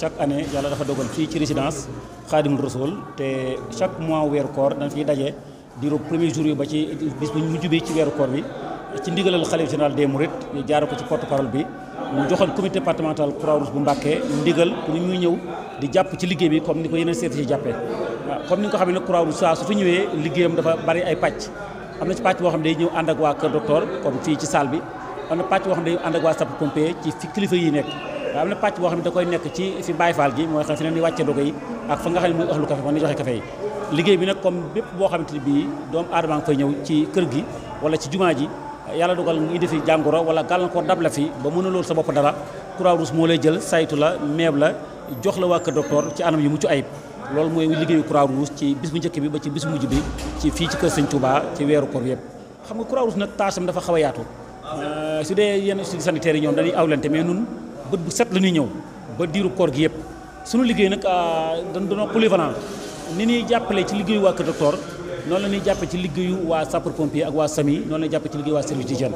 chaque année yàlla dafa dogal fii ci résidence Xaadim Rasul te chaque mois weeru koor dañ fiy daje diiru premier jour yi ba ci bis bu mujj ci weeru koor bi ci ndigalal xalifa général des Mourides ñu jaare ko ci porte parole bi mu joxoon comité départemental Croix-Rouge bu Mbàkke ndigal pour ñuy ñëw di jàpp ci liggéey bi comme ni ko yeneen seet ci jàppee ah, comme ni ko xam ne nag Croix-Rouge su ñëwee liggéeyam dafa bari ay pàcc am na ci pàcc boo xam ne day ñëw ànd ak waa Kër Docteur comme yi nekk am na pàcc boo xam ne da koy nekk ci fi Baye Fall gi mooy xam fi ne ni wàcce dogo yi ak fa nga xam ne mooy axlu café fa ni joxe café yi liggéey bi nag comme bépp boo xamante ni bii doomu aadama nga fay ñëw ci kër gi wala ci jumaa ji yàlla dugal fi jàngoro wala gàllankoor dab la fi ba mënuloo sa bopp dara croix moo lay jël saytu la meeb la jox la wàkk kër docteur ci anam yu mucc ayib loolu mooy liggéeyu Croix-Rouge ci bis bu njëkk bi ba ci bis bu mujj bi ci fii ci kër Sëñ Touba ci weeru koor yëpp xam nga croix na nag da xaw a yaatu euh, su dee yenn services sanitaires yi ñoom dañuy mais nun bët bu set la ñuy ñëw ba diiru koor gi yëpp suñu liggéey nag ah, dañ doon polyvalent ni ñuy jàppale ci liggéeyu waa Kër Docteur noonu la ñuy jàppe ci liggéeyu waa sapeur pompier ak waa SAMI noonu la jàpp jàppe ci liggéeyu waa service d'hygiène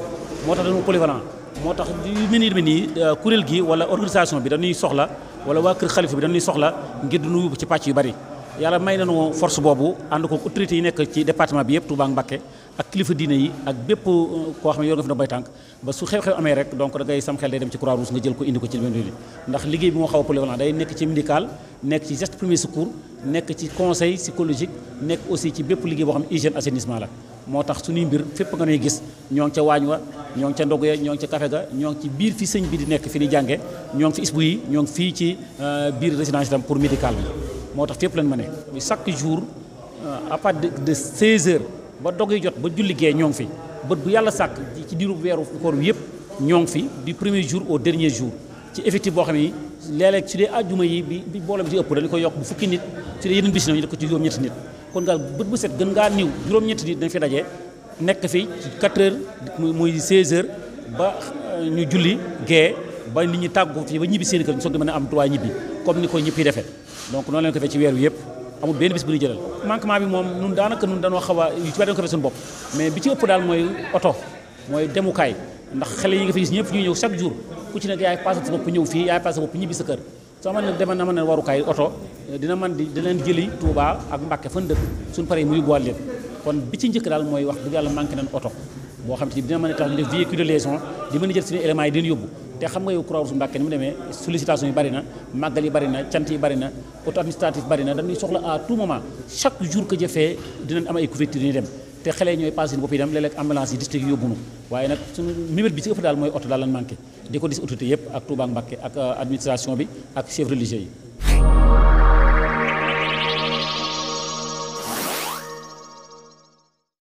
moo tax dañoo polyvalent moo tax yu mel ni nii euh, kuréel gi wala organisation bi dañuy soxla wala waa kër xalifa bi dañuy soxla ngir duñu yóbbu ci pàcc yu bari yàlla may nañu force boobu ànd ko autorités yi nekk ci département bi yëpp Touba ak Mbacké ak kilifa diine yi ak bépp euh, koo xam ne yor nga fi na bay tànk ba su xew-xew amee rek donc da ngay sam xel day dem ci croix rouge nga jël ko indi ko ci limén li ndax liggéey bi moo xaw a polyvalent day nekk ci médical nekk ci geste premier secours nekk ci conseil psychologique nekk aussi ci bépp liggéey boo xam ne hygiène assainissement la moo tax suñuy mbir fépp nga nuy gis ñoo ngi ca waañ wa ñoo ngi ca ndog ya ñoo ngi ca café ga ñoo ngi ci biir fi sëñ bi di nekk fi di jànge ñoo ngi fi isbu yi ñoo ngi fii ci euh, biir résidence itam pour médical bi moo tax fépp lañ ma ne chaque jour euh, à partir de 16 heures ba dog jot ba julli gee ñoo fi bët bu yàlla sàkk ci diiru weeru koor bi yëpp ñoo ngi fi di premier jour au dernier jour ci effectif boo xam ne léeg-léeg su dee àjjuma yi bi bi boole bi di ëpp dañu ko yokk bu fukki nit su dee yeneen bis ñu def ko ci juróom-ñetti nit kon daal bët bu set gën ngaa niw juróom-ñetti nit dañ fi dajee nekk fi ci 4 heures muy 16 heures ba euh, ñu julli gee ba nit ñi tàggu fii ba ñibbi seen kër ñu soog a mën a am droit ñibbi comme ni ko ñëpp yi defee donc noonu lañ ko defee ci weer wi yëpp amul benn bis bu ñu jëlal manquement bi moom nun daanaka nun a yu ci oto mooy demukaay ndax xale yi nga fi gis ñëpp ñuy ñëw chaque jour ku ci nekk yaay passé sa bopp ñëw fii ne deman dina man di dina leen jëli Touba ak Mbàkke fan suñu paree muy yóbbuwaat leen kon bi ci njëkk mooy wax dëgg yàlla manqué nañ oto boo xam te dina mën di mën a jël suñu éléments yi di yóbbu te xam nga yow Croix-Rouge Mbàkke ni mu demee sollicitation yi bari na màggal yi na cant yi bari na auto administratif bari na dañuy soxla à tout moment chaque jour que jëfee dinañ am ay couverture yi dem te xale yi ñooy passé seen bopp yi dem ambulance yi district yi yóbbu nu waaye nag suñu bi ci ëpp daal mooy oto daal lan manqué di ko dis yëpp ak Touba Mbàkke ak euh, administration bi ak chef religieux yi